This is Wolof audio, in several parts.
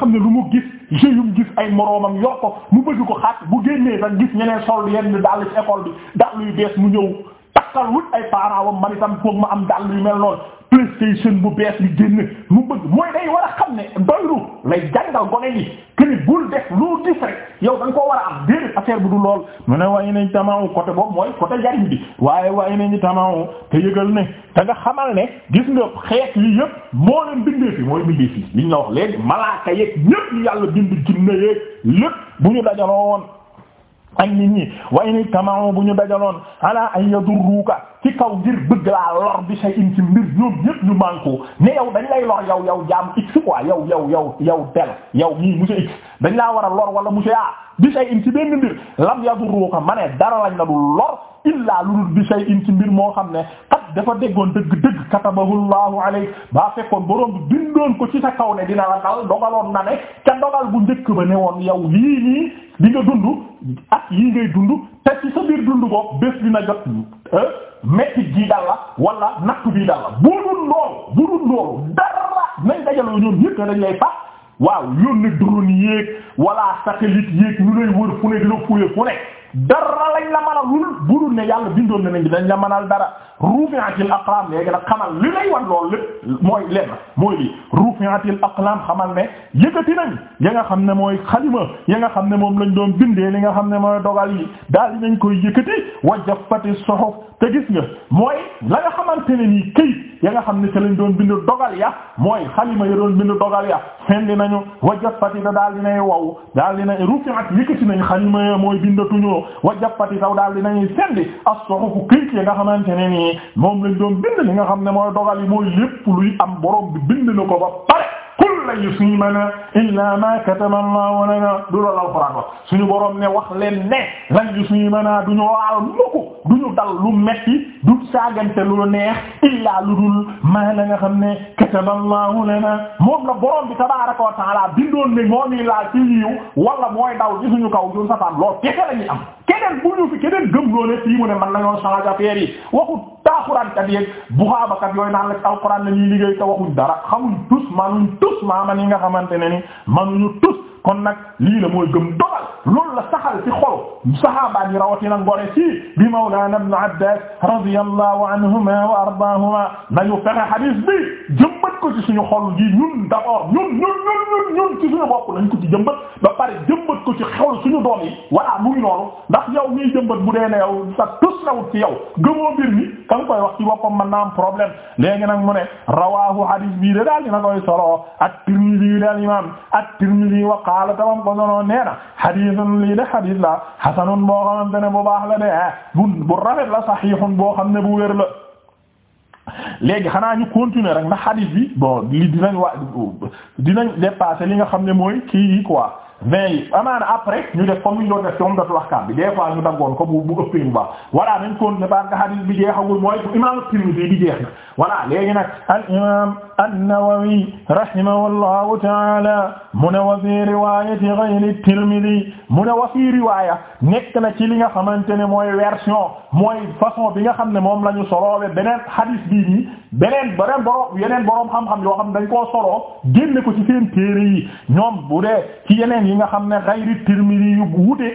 xam ne lu mu gis jeu gis ay moroomam yor ko mu bëgg ko xaat bu génnee sax gis ñeneen sol yenn dàll ci école bi dàll yu bees mu ñëw takkal wut ay parents wam man itam foog ma am dàll yu mel lool PlayStation bu bees bi génn mu bëgg mooy day war a xam ne doylu lay jàngal gone gi këni bul def lu gis rek yow da nga koo war a am déedéet affaire bu du lool mu ne waaye nañ tamaaw côté boobu mooy côté njariñ bi waaye waaye nañ tamaaw te yëgal ne te nga xamal ne gis nga xeet yi yëpp moo leen bindee fi mooy bindee fi liñ la wax léegi malaaka yeeg ñëpp yàlla bind jinne yeeg lépp bu ñu dajaloo woon ak nit ñi wa in ijtama'u bu ñu dajaloon ala an yadurruka ci kaw ngir bëgg laa lor bi shay'in ci mbir ñoom ñépp ñu manko ne yow dañ lay lor yow yow jaam x quoi yow yow yow yow del yow ñii monsieur x dañ laa war a lor wala monsieur a bi shay'in ci benn mbir lam yadurruka ma ne dara lañ la dul lor illaa lu dul bi shay'in ci mbir moo xam ne kat dafa déggoon dëgg-dëgg katabahu llahu alayk baa fekkoon borom bi bindoon ko ci sa kaw ne dina la dal dogaloon na ne ba ne woon yow di nga dund ak yi ngay dund te ci sa biir dund boobu bés dina jot euh, metti ji dal la wala nattu bi dal la bu dul loolu bu dul loolu dara nañ dajaloo ñoom yëpp dañ lay fax waaw yónni drone yéeg wala satellite yéeg ñu lay wër fu ne di fuye fu ne dara lañ la mënal lu budul ne yàlla bindoon na ne dañ la mënal dara rufi'atil aqlam léegi nag xamal li lay wan loolu lépp mooy lenn mooy lii rufi'atil aqlam xamal ne yëkkati nañ ya nga xam ne mooy xalima ya nga xam ne moom lañ doon bindee li nga xam ne mooy dogal yi daal di nañ koy yëkkati wa jaffati suhuf te gis nga mooy la nga xamante ne nii këyit ya nga xam ne te lañ doon bind dogal ya mooy xalima ya doon bind dogal ya loolu wa jàppati taw daal di nañuy sendi as-suhuf këyit yi nga xamante ne nii moom lañ doon bind li nga xam ne mooy dogal yi mooy lépp luy am borom bi bind na ko ba pare. qul la yusiibanaa illaa ma kataba Allahu lanaa du la alxuraan wax suñu boroom ne wax leen ne lan yusiibanaa du ñu laal mukk du dal lu metti du saagante lu neex illaa lu dul maa la nga xam ne kataba Allahu lanaa moom la boroom bi tabaaraka wa ta'aala bindoon ne moo ñuy laal ci yiw wala mooy daw ci suñu kaw sa safaan lool kese la ñuy am keneen bu ñu fi keneen gëm loo ne fii ne man nañoo changer affaire yi waxut taaxuraan kat yeeg buxaabakat yooyu naan la alxuraan la ñuy liggéey te waxuñ dara xamuñ tus manuñ tus tus maama yi nga xamante ne ni manuñu tus kon nag lii la mooy gëm dogal loolu la saxal ci xol sahaabaan yi rawatina ngore ci bi mawlaana ibn Abbaas radiyallahu anhuma wa bi jëmbat ko ci suñu xol ci suñu bopp nañ ko ci jëmbat ba pare jëmbat ci xol suñu doom yi voilà mu ngi noonu ndax yow ñuy jëmbat bu dee yow sa gëmoo mbir mi wax ci boppam mën na am problème léegi nag mu ne rawaahu bi de daal dina koy solo at-Tirmidhi al imam at-Tirmidhi wa xaala tamam ko noonu nee na xadiisun lii de xadiis la xasanun boo xamante ne bu baax la de bu bu rafet la saxiixun boo xam ne bu wér la léegi xanaa ñu continuer rek na xadiis bi bon li dinañ wa dinañ dépasser li nga xam ne mooy kii yi quoi mais yi amaana après ñu def comme ñu doon def ci moom dafa wax kaam bi des fois ñu dangoon ko bu bu ëppee bu baax voilà nañ continuer parce que xadiis bi jeexagul mooy imam Tirmidhi bi jeex na voilà léegi nag al imam an-Nawawi rahimahullahu ta'ala mu ne wa fi riwayati ghayri Tirmidhi mu ne wa fi riwaya nekk na ci li nga xamante ne mooy version mooy façon bi nga xam ne moom la ñu soloowe beneen hadis bii nii beneen beneen borom yeneen borom xam-xam yoo xam dañ koo soloo génne ko ci seen téere yi ñoom bu ci yeneen yi nga xam ne ghayri Tirmidhi yu wuute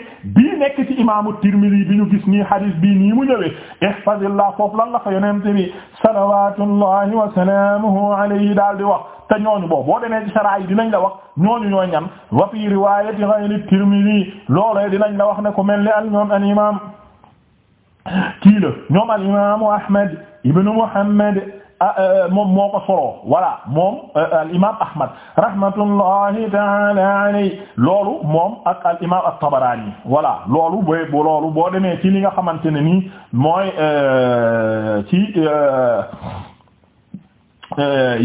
bii nekk ci imaamu Tirmidhi bi ñu gis nii hadith bii nii mu ñëwee ihfazillah foofu lan la fa yonent bi salawatullahi wa salaamuhu alayhi daal di wax te ñooñu boobu boo demee ci sara yi dinañ la wax ñooñu ñoo ñan wa fi riwaayati ghayri Tirmidhi loolee dinañ la wax ne ku mel ni al ñoom al imaam kii la ñoom al imaamu Ahmad ibnu Muhammad Ah, euh, euh, moom moo ko soloo moom euh, al imam ahmad rahmatullahi taala loolu moom ak al imam at-tabarani voilà loolu booy bu loolu boo ci li nga xamante ne nii mooy ci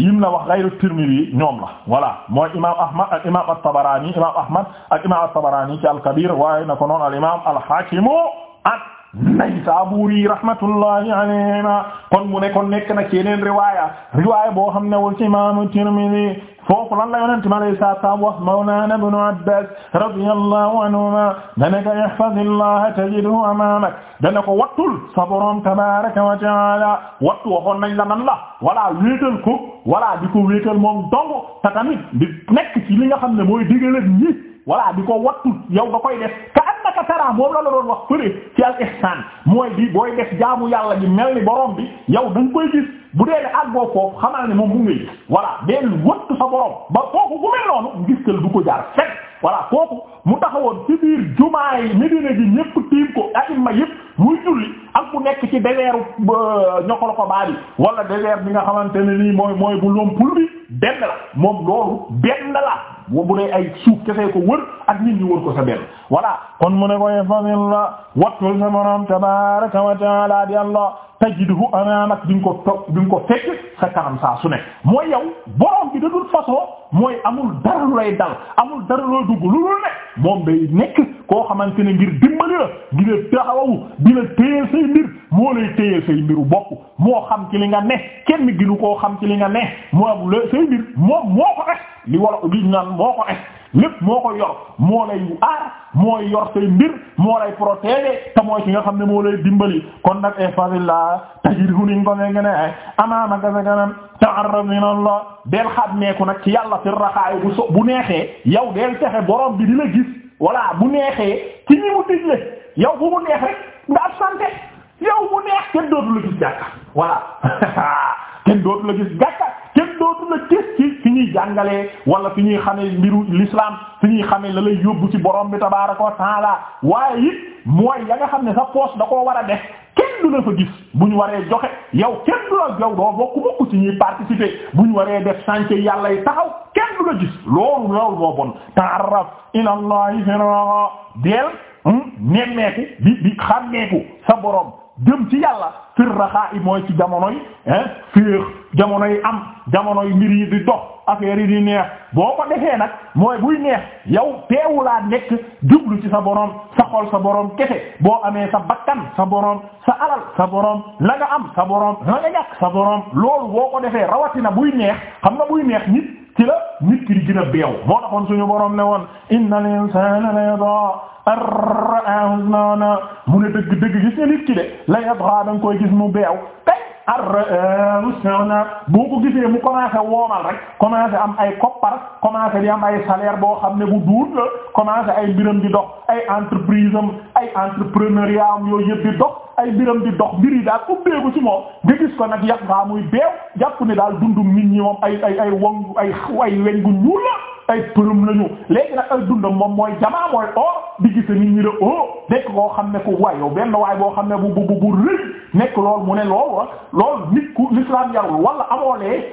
yim la wax ghayru Tirmidhi ñoom la voilà mooy imaam Ahmad ak imaam at-Tabarani imaam Ahmad ak imaam at-Tabarani ci al-Kabir waaye na ko noon al Naysaburi rahmatullahi alayhima kon mu ne kon nekk na ci yeneen riwaaya riwaaya boo xam ne wal ci imaamu Tirmidhi foofu lan la yonent mi alayhi salaatu salaam wax Mawlaana Ibnu Abbaas radiyallahu anhumaa dana ko ihfazillaha tajidhu amaamak dana ko wattul sa boroom tabaaraka wa ta'aala wattu waxoon nañ la nan la walla wéetal ko walla di ko wéetal moom dong te tamit di nekk ci li nga xam ne mooy digale ñi voilà di ko wattu yow nga koy def ka annaka tara moom la la doon wax fëre ci al ihsan mooy bi booy def jaamu yàlla ji mel ni borom bi yow da nga koy gis bu dee ne àggoo foofu xamal ne moom mu ngi gis voilà deel wattu sa borom ba kooku bu mel noonu gis kal du ko jaar fekk voilà kooku mu taxawoon ci biir jumaa yi Medina ji ñépp tiim ko aima yépp muy julli ak ku nekk ci désertu euh, ñokala ko baal yi wala désert bi nga xamante ne nii mooy mooy bu loom pul moom loolu benn bu bu dee ay suuf kese ko wër ak nit ñi wër ko sa benn voilà kon mu ne koy famil la wattul sa borom tabaraka wa taala di Allah tajiduhu amaamak di nga ko toog di ko fekk sa kanam saa su ne mooy yow borom bi de toute façon mooy amul dara lu lay dal amul dara loo dugg lu dul ne moom day nekk koo xamante ne ngir dimbali la di la taxawu di say mbir moo lay téyeel say mbiru bopp moo xam ci li nga ne kenn ginu koo xam ci li nga ne moo say mbir moom moo ko es li wala li ñu naan moo ko es lépp moo ko yor moo lay aar mooy yor say mbir moo lay protéger te mooy ki nga xam ne moo lay dimbali kon nag ihfazillah tajidhu ni nga ko ngeen ne amaamaka sa kanam ta'arraf min Allah del xàmmeeku nag ci yàlla fi raxaayu bu so bu neexee yow del texe borom bi di la gis voilà bu neexee ci ñi mu digle yow bu mu neex rek nga absenté yow bu neex kenn dootu la gis jàkka voilà kenn dootu la gis gàkkat kenn dootu la gis ci fi ñuy jàngalee wala fi ñuy xamee mbiru lislaam fi ñuy xamee la lay yóbbu ci borom bi tabaaraka wa taala waaye it mooy ya nga xam ne sa poche da koo war a def kenn du la fa gis bu ñu waree joxe yow kenn du la jow waree def sànce yàlla yi taxaw kenn du la gis loolu loolu moo bon ta'arraf ila allahi firra deel hmm, nemmeeku bi bi xàmmeeku sa borom jëm ci yàlla fir raxaa i mooy ci jamonoy hein féex jamonoy am jamonoy ngir yi di dox affaire yi di neex boo ko defee nag mooy buy neex yow laa nekk jublu ci sa borom sa xol sa borom kese boo amee sa bakkan sa boroom sa alal sa boroom la nga am sa boroom la sa boroom loolu boo ko defee rawatina buy neex xam nga buy neex nit ci la nit ki di gën a beew moo taxoon suñu borom ne woon innal insana la a ar-ra'ahu mu ne dëgg dëgg gis nga nit ki de la yada da nga koy gis mu beew ar boo ko gisee mu commencé woomal rek commencé am ay koppar commencé di am ay salaire boo xam ne bu duut la commencé ay mbiram di dox ay entreprise am ay entrepreneuriat am yooyu yëpp di dox ay mbiram di dox mbir yi daal ubbeeku ci moom nga gis ko nag yàq ngaa muy beew jàpp ne daal dundum nit ñi moom ay ay ay wong ay ay weñ gu ay përëm lañu léegi nag ay dundam moom mooy jamaa mooy oo di gis nit ñi de oo oh, nekk koo xam ne ku waay yow benn waay boo xam ne bu bu bu rëy nekk lool mu ne loolu wa ah, loolu nit ku l'islam yarul wala amoolee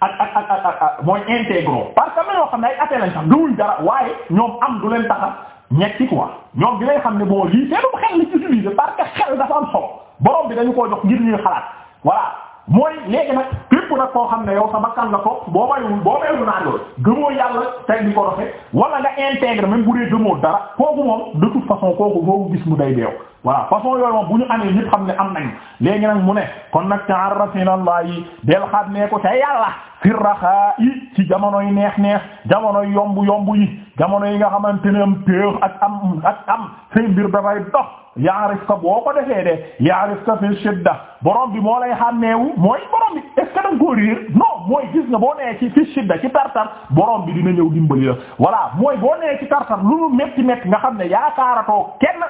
ak ak ak ak ak mooy intégro parce que ñoo xam ne ay athée lañ sax gëmuñ dara waaye ñoom am du leen taxa ñetti quoi ñoom dinañ xam ne boo lii seetum xel li ci utilisé parce que xel dafa am solo borom bi dañu koo jox ngir ñuy xalaat voilà mooy léegi nag képp nag koo xam ne yow sa bakkan nga topp boo mayul boo mayul naa lool gëmoo yàlla tey di ko doxe wala nga intègre même bu dee gëmoo dara kooku moom de toute façon kooku boobu gis mu day deew voilà façon yooyu moom bu ñu amee ñëpp xam ne am nañ léegi nag mu ne kon nag ta'arraf ila Allah yi del xaat nee ko ca yàlla fi raxaa i ci jamonoy neex neex jamonoy yomb yomb yi jamono yi nga xamante ne am téex ak am ak am say mbir dafay dox yaarif ka boo ko defee de yaarif ka fi shidda borom bi moo lay xàmmeewu mooy borom bi est-ce que da nga mooy gis nga boo nee ci fi shidda ci tartar borom bi dina ñëw dimbali la voilà mooy boo nee ci tartar lu metti nga xam ne yaakaaratoo kenn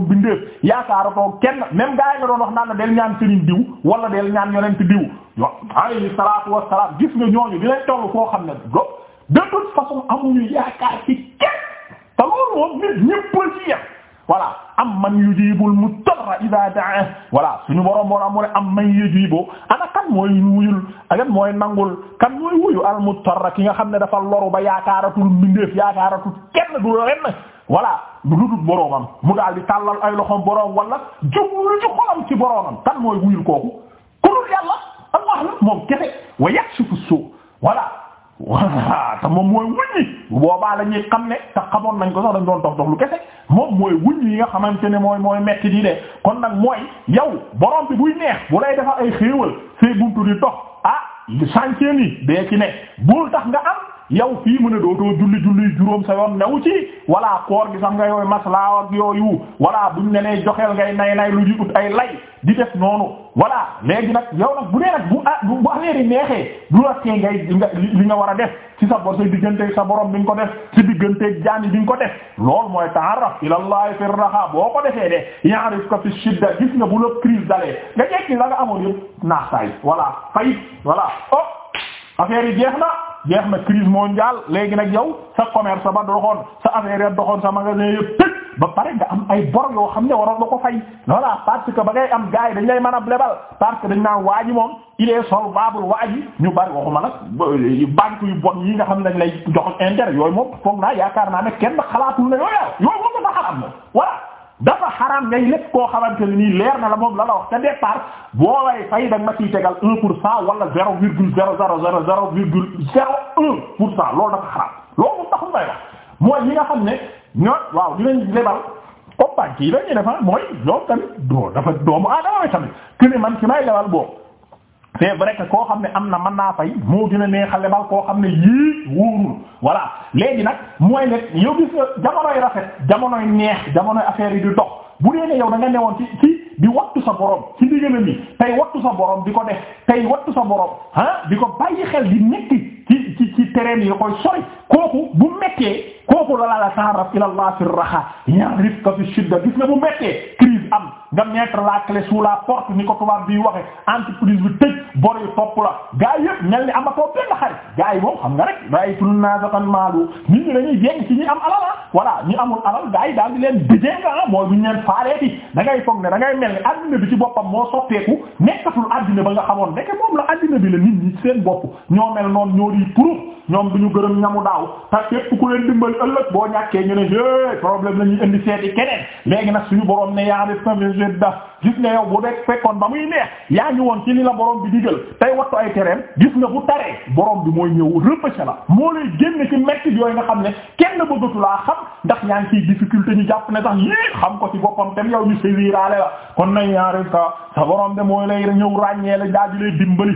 borom bindeef kenn même gaa nga doon wax naan na del ñaan sëriñ diw wala del ñaan yonent diw yo alayhi salaatu wassalaam gis nga ñooñu dinañ tollu koo xam ne do de toute façon amuñu yaakaar am man yujibul mutarra ida daa suñu borom borom mu ne am man yujibu ana kan mooy wuyul agan mooy nangul kan mooy wuyu al ki nga xam ne dafa loru ba yaakaaratul mbindeef yaakaaratul kenn du lenn voilà lu dul boroomam mu daal di tàllal ay loxoom boroom wala jublu ci xolam ci boroomam kan mooy wuyul kooku ku dul yàlla allah la moom kese boobaa la ñuy xam ne te nañ ko sax dañ doon dox dox lu kese moom mooy wuññi yi nga xamante ne mooy mooy metti di de kon nag mooy yow borom bi buy neex bu lay defar ay xéewal see buntu di dox ah chantier ni bee ci ne bul tax nga am. yow fii mu ne dootoo julli julli juróom sa yoon new ci walla koor gi sax nga yooyu maslaa ak yooyu walla buñ ne nee joxeel ngay nay nay lu ji ut ay lay di def noonu walla léegi nag yow nag bu dee nag bu a ah bu affaire yi neexee du la tee ngay li nga war a def ci sa bor sa digganteeg sa borom bi nga ko def di digganteeg jaani bi nga ko def loolu mooy ta'arraf ilallahi fi raha boo ko defee de ya'rifka fi shidda gis nga bu la crise dalee nga jekki la nga amoon yëpp naax jeex na crise mondiale léegi nag yow sa commerce ba doxoon sa affaire ya doxoon sa magasin yëpp tëj ba pare am ay bor yoo xam ne waroon na ko fay a parce que ba ngay am gars yi dañ lay mën a blebal parce que dañ naan waa moom il est solvable waa ji ñu bari waxuma nag euh, banque yu bon yi nga xam ne dañ lay jox intérêt yooyu moom foog naa yaakaar naa ne kenn xalaatul ne yooyu yooyu moom dafa xalaat moom voilà. dafa xaraam ngay lépp koo xamante ne nii leer na la moom la la wax te départ boo lay fay da nga ma ciy tegal un pour cent wala zéro virgule zéro zéro zéro zéro virgule zéro un pour cent loolu dafa xaraam loolu taxul may wax mooy ñi nga xam ne waaw dinañ lebal comme banque yi dañuy defar ah mooy loolu tamit doo dafa doomu aadama tamit que ne man ci may lebal boobu. c'est vrai koo xam ne am na man naa fay moo dina neexal lebal koo xam ne yii wóorul voilà léegi nag mooy ne yow gis nga jamonoy rafet jamonoy neex jamonoy affaire yi du dox bu dee yow da nga newoon ci di wattu sa borom ci diggalam yi tey wattu sa borom di ko def tey wattu sa borom ah di ko bàyyi xel di nekk ci ci yi koy sori kooku bu mettee kooku la la ta'arraf ila Allah fi raxa ya'rifka fi shidda gis nga bu mettee crise am nga mettre la clé sous la porte ni ko tubaab bi waxe entreprise bi tëj bor yi topp la gaa yi yëpp mel ni amatoo benn xarit gaa yi moom xam nga rek gaa yi tun naasatan maalu nit ñi dañuy jéng ci ñi am alal ah voilà ñi alal gaa daal di leen bëjee nga ah mooy bu ñu da ngay foog ne mel ni addina bi ci boppam moo soppeeku nekkatul addina ba nga xamoon nekk moom la addina bi la nit ñi seen bopp ñoo mel noon ñoo di ñoom du ñu gërëm ñamu daaw te képp ku leen dimbal ëllëg boo ñàkkee ñu ne é problème la ñuy indi seeti keneen léegi nag suñu borom ne yaa def gis nga yow bu dee fekkoon ba muy neex yaa ngi woon ci li la borom bi digal tey wattu ay tereem gis nga bu taree boroom bi mooy ñëw repêché la moo lay génn ci metti yooyu nga xam ne kenn bëggatu laa xam ndax yaa fii ciy difficulté ñu jàpp ne sax yii xam ko ci boppam tam yow ñu séviraale la kon nañ yaa rek sa borom de mooy lay ñëw ràññee la daal di lay dimbali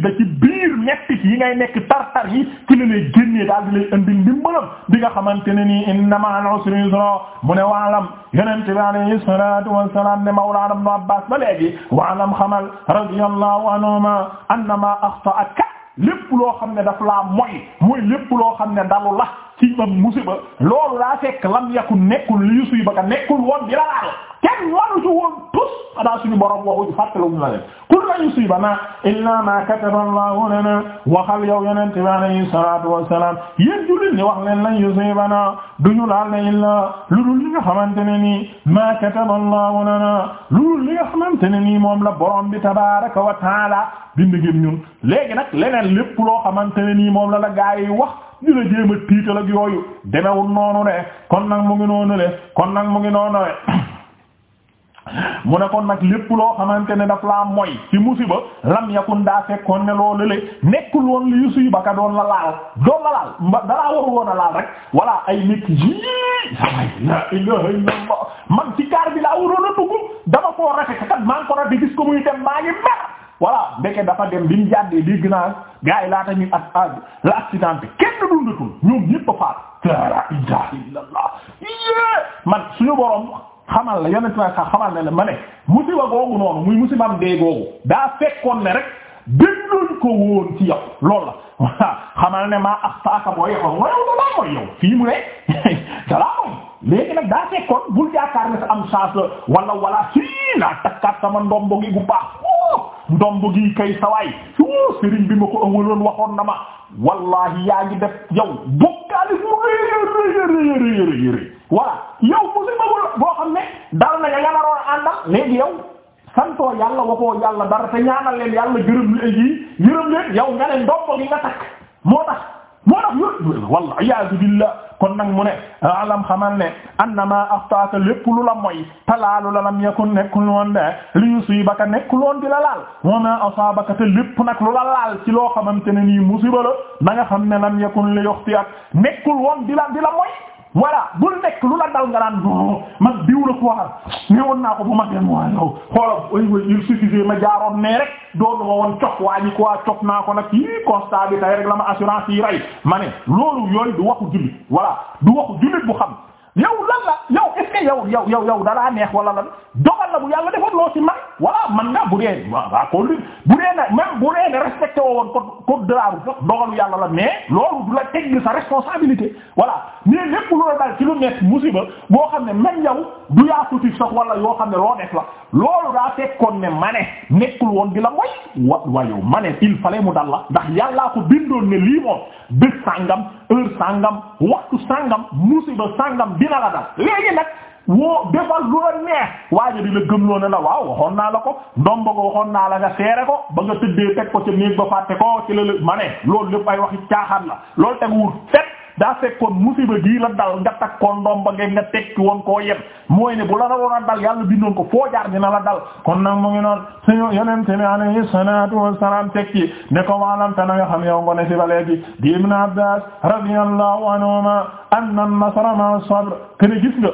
biir ba ci biir mettit yi ngay nekk tartar yi ci la lay génnee daal di lay indi ndimbalam bi nga xamante ne nii inna ma'al usri yusra mu ne waalam yonente bi alayhi salatu wassalam ne mawlana ibn abbas ba léegi waalam xamal radiyallahu anhuma annama axta'aka lépp loo xam ne daf laa moy mooy lépp loo xam ne dalu la ci ma musiba loolu laa fekk lam yakun nekkul li yusibaka nekkul woon di la laal kenn waru ci woon tus xanaa suñu borom waxu fàttalawuñu la leen kul la yusibana illa ma kataba allahu waxal yow yonente bi alayhi salatu wassalam yéen jullit ni wax leen lan yusibana duñu laal ne illa lu dul li nga xamante ne nii ma kataba allahu lu dul li nga xamante ne moom la borom bi tabaraka wa taala bind ngeen ñun léegi nag leneen lépp loo xamante ne nii moom la la gaay wax ñu la jéem a tiital ak yooyu demewul noonu ne kon nag mu ngi noonu le kon nag mu ngi noonu le mu ne kon nag lépp loo xamante ne daf laa moy ci musiba lam yakun daa fekkoon ne loolu le nekkul woon li yusuy ba ka la laal doon la laal mba dalaa waru woon a laal rek voilà ay nekk yii man ci kaar bi laa waroon a dugg dama koo rate kat maa ngi ko rate gis ko muy dem maa ngi mer voilà ndeke dafa dem bi mu jàddee lii ginaar gars yi laata ñuy ak ak la kenn dundatul ñoom ñépp faat la ilaha illallah man suñu borom xamal la yonent naa sax xamal ne ne ma ne musiba googu noonu muy musibam dee googu daa fekkoon ne rek binduñ ko woon ci yow loolu la xamal ne maa axtaaka boo yow mooy yow fii mu takkaat sama ndombo gi gu baax. ndomb gi kay sawaay sëriñ bi ma ko ëwaloon waxoon na ma wallahi yaa ngi def yow bokkaali mu réyëréyëréyëréyëréy voilà yow musiba boo xam ne dal na ya nga naroon àndal léegi yow santoo yàlla waxoo yàlla dara te ñaanal yàlla gërëm leen yi gërëm leen yow nga ne ndomb gi nga takk moo tax moo tax yooyu walla iyaazu billah kon nag mu ne alam xamal ne annama axtaaka lépp lu la moy talaalu la lam yakun nekkul woon de li yusibaka nekkul woon di la laal wa ma asaabaka te lépp nag lu la laal ci loo xamante ne nii musiba la na nga xam ne lam yakun li yuxtiak nekkul woon di la di la moy voilà bu nekk lu la dal nga naan non man diw la ko waxal ne naa ko bu ma dem waaye yow xoolal il suffisait ma jaaroon nee rek doonu ma woon cox waa ñi quoi cox naa ko na yii constat bi tey rek la assurance yi rey ma ne loolu yooyu di waxu jullit voilà du waxu jullit bu xam. yow lan la yow est-ce que yow yow yow yow dalaa neex wala lan dogal la bu yàlla defoon loo ci man wala man nga bu dee bu dee na même bu dee na respecté woo woon code code de la route sax dogalu yàlla la mais loolu du la tegg sa responsabilité voilà mais lépp lu la dal ci musiba boo xam ne même yow du yaa sutif sax wala yoo xam ne loo def la loolu daa fekkoon ne ma ne nekkul woon di la mooy wa waayow ma ne il fallait mu dal la ndax yàllaa ko bindoon ne lii moom bés sàngam heure sàngam waxtu sàngam musiba sàngam dina la dal léegi nag woo defal lu la neex waaye di la gëmloo ne la waaw waxoon naa la ko ndomba ko waxoon naa la nga seere ko ba nga tëddee teg ko ca néeg ba fàtte ko ci la la ma ne loolu lépp ay waxi caaxaan la loolu teguwul fet daa fekkoon musiba gii la dal nga takkoon ndomba ngeen nga tekki woon koo yem mooy ne bu la waroon a dal yàlla bindoon ko foo jaar na la dal kon nag mu ngi noon suñu yonente bi alayhi salatu wassalam tekki ne yow ngone si ba léegi di ibn abbas radiyallahu anhuma anna an-nasra ma'a sabr kene gis nga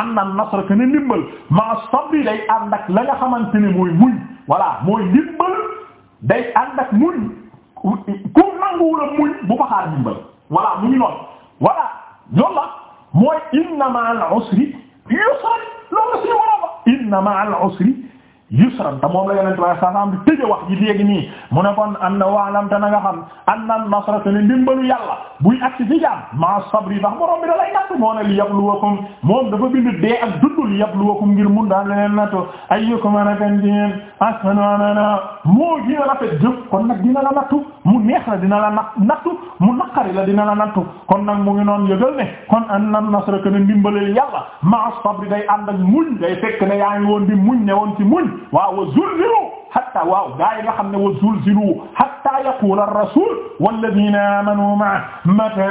am na nasra que ne ndimbal maa sabri day ànd ak la nga xamante ne mooy muñ voilà mooy ndimbal day ànd ak ku nanguwul a bu ko xaar ndimbal voilà mu ngi noonu voilà loolu la mooy inna ma'al usri yusran loolu la suñu waroon a. inna ma'al usri yusran te moom la yonent bi saa am di tëje wax ji léegi nii mu ne kon am na waalam te na nga xam an nan nasra te ne ndimbalu yàlla buy agsi ci jaam maa sabri ndax borom bi da lay natt moo li yabluwakum moom dafa bind dee ak dundu li yabluwakum ngir mun daan leneen nattu ayyukum rafet ngeen asanu anana moo gën a rafet jëf kon nag dina la nattu. mu neex la dina la nattu mu naqari la dina la nattu kon na mu ngi noon yëgal ne kon an na nasra kana ndimbaleel yàlla ma sabri day ànd ak muñ day fekk na yaa ngi woon di muñ ne woon ci muñ waaw wa zulzilu hatta waaw gaa yi nga xam ne wa zulzilu hatta yaqula ar-rasul walladina amanu ma'a mata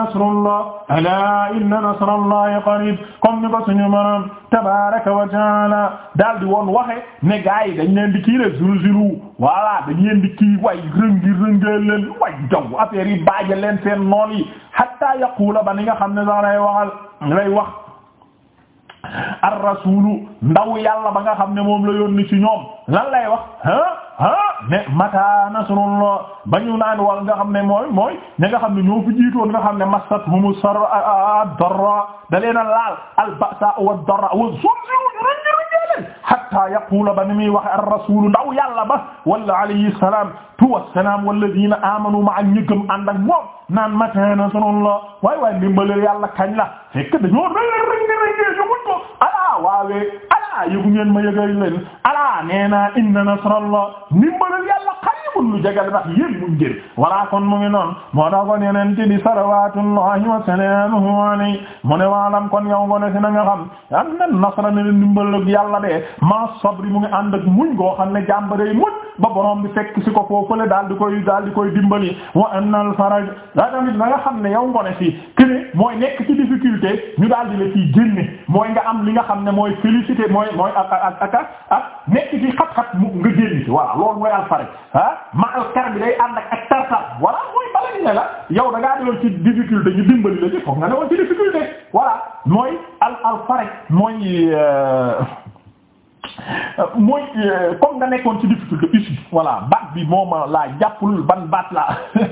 nasrullah ala inna nasrallahi qarib comme ni ko suñu maram tabaraka wa taala daal di woon waxe ne gaa yi dañ leen di kii le zulzilu voilà dañ leen di kii way rëngi rëngee leen way jaw affaire yi baaje leen seen noon yi hatta yaqula ba ni nga xam ne sax lay waxal lay wax ar rasulu ndaw yàlla ba nga xam ne moom la yónni ci ñoom lan lay wax ah ah ne mata nasrullah ba ñu naan wal nga xam ne mooy mooy ña nga xam ne ñoo fi jiitoon nga xam ne massat humu sarra darra da leena laal al ba'sa wa darra wa zulzilu leen hatta yaqula ba ni muy waxe ar rasulu ndaw yàlla ba wala alayhi salaam tuwa salaam walladina amanu ma ak ñu gëm ànd ak moom naan matin na sunu la waay waay ndimbalal yàlla kañ la fekk dañoo doyal rek ne rek ñu muñ ko alaa waawee alaa yëgu ngeen ma yëgal leen alaa nee naa inna nasrallah ndimbalal yàlla kañ amul lu jagal ndax yéen mu ngir wala kon mu ngi noonu moo tax kon yeneen ti di salawatullahi wa a alayhi mu ne waalam kon yow ngone si na nga xam am na nasara ne ndimbal ak yàlla de ma sabri mu ngi ànd ak muñ goo xam ne jàmbaray muñ ba borom bi fekk si ko foofule daal di koy daal di koy dimbali wa annal faraj daa tamit na nga xam ne yow ngone si kene mooy nekk ci difficulté ñu daal di la ciy génne mooy nga am li nga xam ne mooy félicité mooy mooy ak ak ak ak nekk ci sérénité voilà loolu mooy alfaraj ma alkar bi day ànd ak tartar voilà mooy balañ ne yow da ngaa deloon ci difficulté ñu dimbali la ci foog nga ne ci difficulté voilà mooy al alfaraj mooy euh, euh, mooy euh, comme nga nekkoon ci difficulté ussi voilà baat bi mooma laa jàppul ban baat la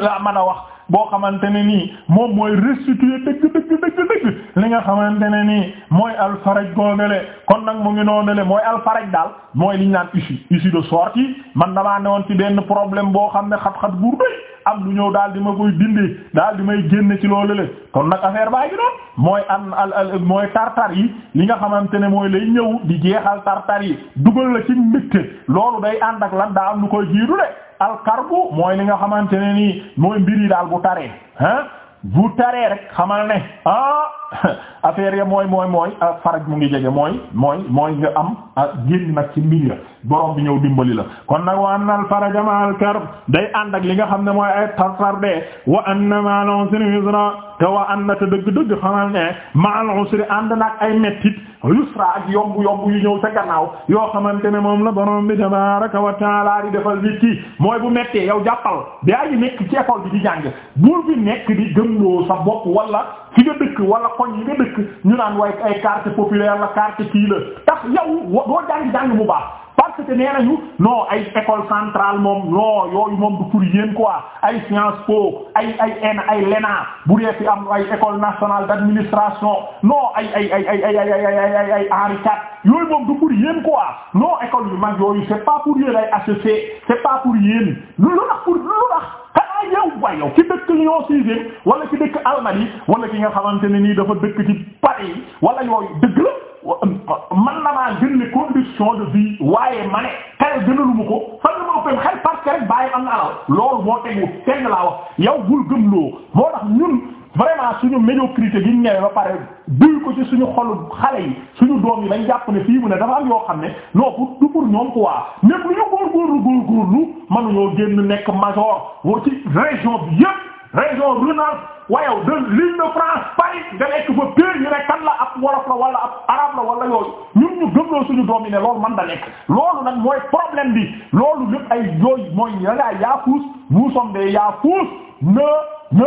laa mën a wax boo xamante ne nii moom mooy restituer dëgg dëgg dëgg dëgg li nga xamante ne nii mooy alfaraj googale kon nag mu ngi noonale mooy alfaraj daal mooy liñ naan issue issue de sortie man damaa newoon ci benn problème boo xam ne xat-xat bu rëy am lu ñëw daal di ma koy dindi daal di may génne ci loolu le kon nag affaire baa ngi doon mooy an al al mooy tartar yi li nga xamante ne mooy lay ñëw di jeexal tartar yi dugal la ci mbégte loolu day ànd ak lan daa am lu koy jiitu de alkarbu mooy li nga xamante ne nii mooy mbir yi daal bu taree ah bu taree rek xamal ne ah affaire ya mooy mooy mooy ah, faraj mu ngi jege mooy mooy mooy nga am ah, génn nag ci mbir ya borom bi ñëw dimbali la kon nag wa anna al faraja ma al karb day ànd ak li nga xam ne mooy ay tartar de wa anna ma al usri yusra te waa an na te dëgg-dëgg xamal ne ma'al usri ànd na ak ay mettit yusra ak yomb yomb yu ñëw sa gannaaw yoo xamante ne moom la borom bi tabaaraka wa taala di defal nit ki mooy bu mettee yow jàppal daa yi nekk ci école bi di jàng buur bi nekk di gëmloo sa bopp wala fi nga dëkk wala koñ yi nga dëkk ñu naan way ay quartier populaire la quartier kii la tax yow doo jàng jàng bu baax parce que nee nañu non ay école centrale moom non yooyu moom du pour yéen quoi ay Sciences Po ay ay ENA ay LENA bu dee fi am ay école nationale d'administration non ay ay ay ay ay ay ay ay Henri IV yooyu moom du pour yéen quoi non école yu mag yooyu c'est pas pour yéen ay HEC c'est pas pour yéen lu tax pour lu tax. xanaa yow ba yow ci dëkk Lyon sixième wala ci dëkk Almadies wala ki nga xamante ne nii dafa dëkk ci Paris wala yooyu dëgg la. man na maa gën les conditions de vie waaye ma ne kare gënaluma ko fan la ma ëppee xel parce que ba bàyyi am na alal loolu moo tegu teg laa wax yow bul gëm loo moo tax ñun vraiment suñu médiocrité gi ñëwee ba pare duy ko ci ñu xolu xale yi suñu doom yi dañ jàpp ne fii mu ne dafa am yoo xam ne non pour du pour ñoom quoi même lu ñu góorgóorlu góorgóorlu mënuñoo génn nekk major woo ci région bi yëpp région rurale waaye yow de lîle france Paris nga ab wolof la wala ab arab la wala yooyu ñun ñu gëmloo suñu doom yi ne loolu man da nekk loolu nag mooy problème bi loolu lépp ay yooyu mooy dangaa yaa fuus vous sommes yaa fuus ne ne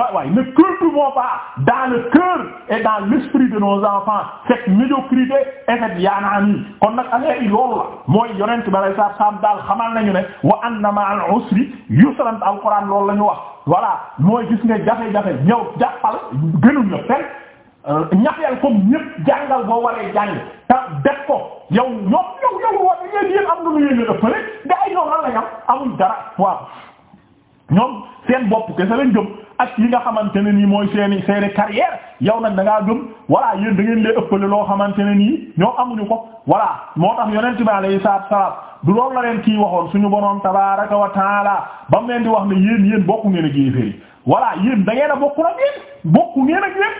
ah waaye ne cultivons pas dans le cœur et dans l'esprit de nos enfants cette médiocrité et cette yaanaani kon nag affaire yi loolu la mooy yonent bi alayhi salaam daal xamal nañu ne wa anna ma'al usri yusran alquran loolu la ñu wax voilà mooy gis nga jafe-jafe ñëw jàppal gënuñ la fenn. Euh, ñaxyal comme ñëpp jàngal boo waree jàng te def ko yow yow yow yow woote ñeen yéen am na lu yéen a ëppale da ay ñoom lan la ñam amul dara waaw ñoom seen bopp kese lañ jëm ak yi nga xamante ne nii mooy seeni seeni carrière yow nag da ngaa jëm voilà yéen da ngeen lee ëppale loo xamante ne nii ñoo amuñu ko voilà moo tax yonent bi alayhi salaatu salaam du loolu la leen kii waxoon suñu borom tabaaraka wa taala ba mu leen di wax ne yéen yéen bokku ngeen ak yéeféer yi voilà yéen da ngeen a bokku nag yéen bokku ngeen ak yéen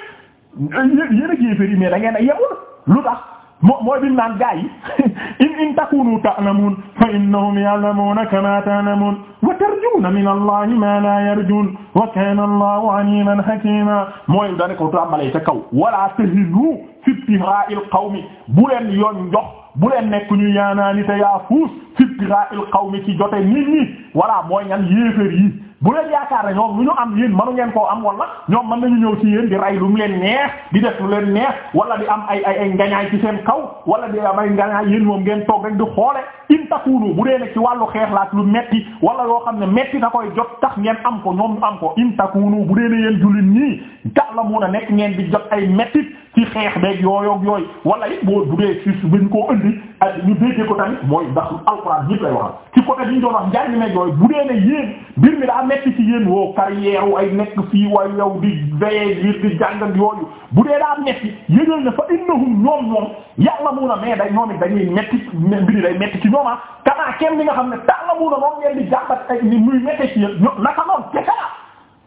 yéen a yéefar yi mais da ngeen a yebul lu tax moo mooy bi naan gaa yi in in takunu ta'lamun fa innahum ya'lamuna kama ta'lamun wa tarjuna min allahi ma la yarjun wa kana allahu aliman hakima mooy dane ko tàmbalee ca kaw wala tahinu fi ibtira'il qawmi bu leen yoon njox bu leen nekk ñu yaanaani te yaa fuus fi ibtira'il qawmi ci jote nit ñi wala mooy ñan yéefar yi bu leen yaakaar ne ñoom lu ñu am yéen manu ngeen koo am wala ñoom man nañu ñëw ci yéen di rey lu mu leen neex di def lu leen neex wala di am ay ay ay ngañaay ci seen kaw wala di am ay ngañaay yéen moom ngeen toog rek di xoole in takunu bu dee ne ci wàllu xeex laak lu metti wala yoo xam ne metti na koy jot tax ngeen am ko ñoom ñu am ko in takunu bu dee ne yéen jullit nii tax la mun a nekk ngeen di jot ay mettit ci xeex beeg yooyoog yooyu wala it boo bu dee ci koo indi ak ñu déggee ko tamit mooy ndax alxuraan ñëpp lay waxal ci côté bi ñu doon wax njàng ne yooyu bu dee ne yéen mbir mi daa nekk ci yéen woo carrière wu ay nekk fii way yow di veillé biir di jàngat yooyu bu dee daa metti yëgal na fa innahum ñoom ñoom ya'lamuna mais day ñoom it dañuy metti mbiri day metti ci ñoom ah kanaa kenn li nga xam ne ta'lamuna moom ngeen di jàmbat ay ni muy metti ci yéen naka noonu kese la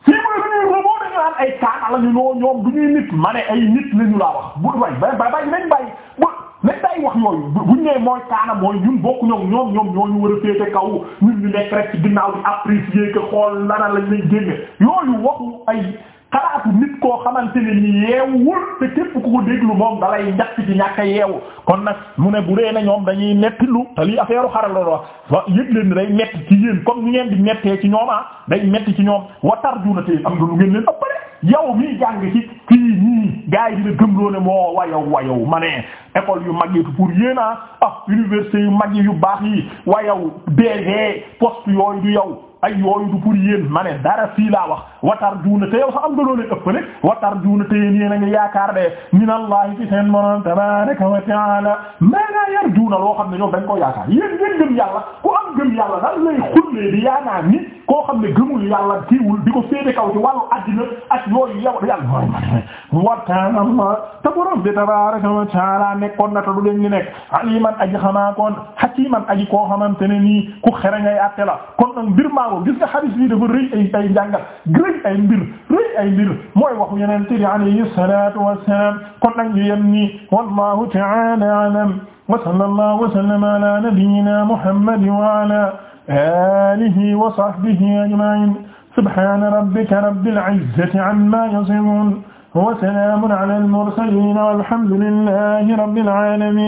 si mooy suñuy roboo dañu naan ay kaana la ñu noo ñoom du ñuy nit ma ne ay nit la ñu laa wax bu bay bay bay nañ bay nañ bay wax yooyu ne mooy kaana mooy ñun bokku ñoom ñoom ñoom ñooñu war a féete kaw ñun ñu nekk rek ci ginnaaw bi apprécier que xool la lañ lay génne yooyu waxu ay xalaatu nit koo xamante ne ni yeewul te képp ku ko déglu moom dalay njàkk ci ñàkk yeewu kon nag mu ne bu dee na ñoom dañuy netti lu te lii affaire xaral la wax wa leen day metti ci yéen comme ni ngeen di mettee ci ñoom ah day metti ci ñoom wa tarjuna te am na lu ngeen leen ëppale yow mii jàng ci fii ñii gaa yi dina gëmloo ne moo wayow wayow ma ne école yu mag yi pour yéen ah, ah université yu mag yi yu baax yi wayow DG poste yooyu du yow ay yooyu du pour yéen ma ne dara fii laa wax watar juuna ta yow sax am nga loo leen ëppale watar juuna te yéen yéen a ngi yaakaar de min allah ci seen morom tabaraka wa taala mais naa yar juuna loo xam ne ñoom dañ ko yaakaar yéen ngeen gëm yàlla ku am gëm yàlla nan lay xullee di yaanaan ni koo xam ne gëmul yàlla kiiwul di ko féete kaw ci wàllu addina ak yooyu yow yàlla wattaan allah te borom bi tabaraka wa taala nekkoon na te du leen ñu nekk aliman aji xamaa koon hakiman ne nii waaw gis nga xadis bii dafa rëy ay ay njàngat rëy ay mbir rëy ay mbir mooy waxu yeneen tëri alayhi salatu wassalam kon nag ñu yem nii wallahu ta'ala a'lam wa sallallahu wa sallama ala nabiyyina muhammadin wa ala alihi wa sahbihi ajma'in subhana rabbika rabbil izzati amma yasifun wa salamun ala al mursalin walhamdulillahi rabbil alamin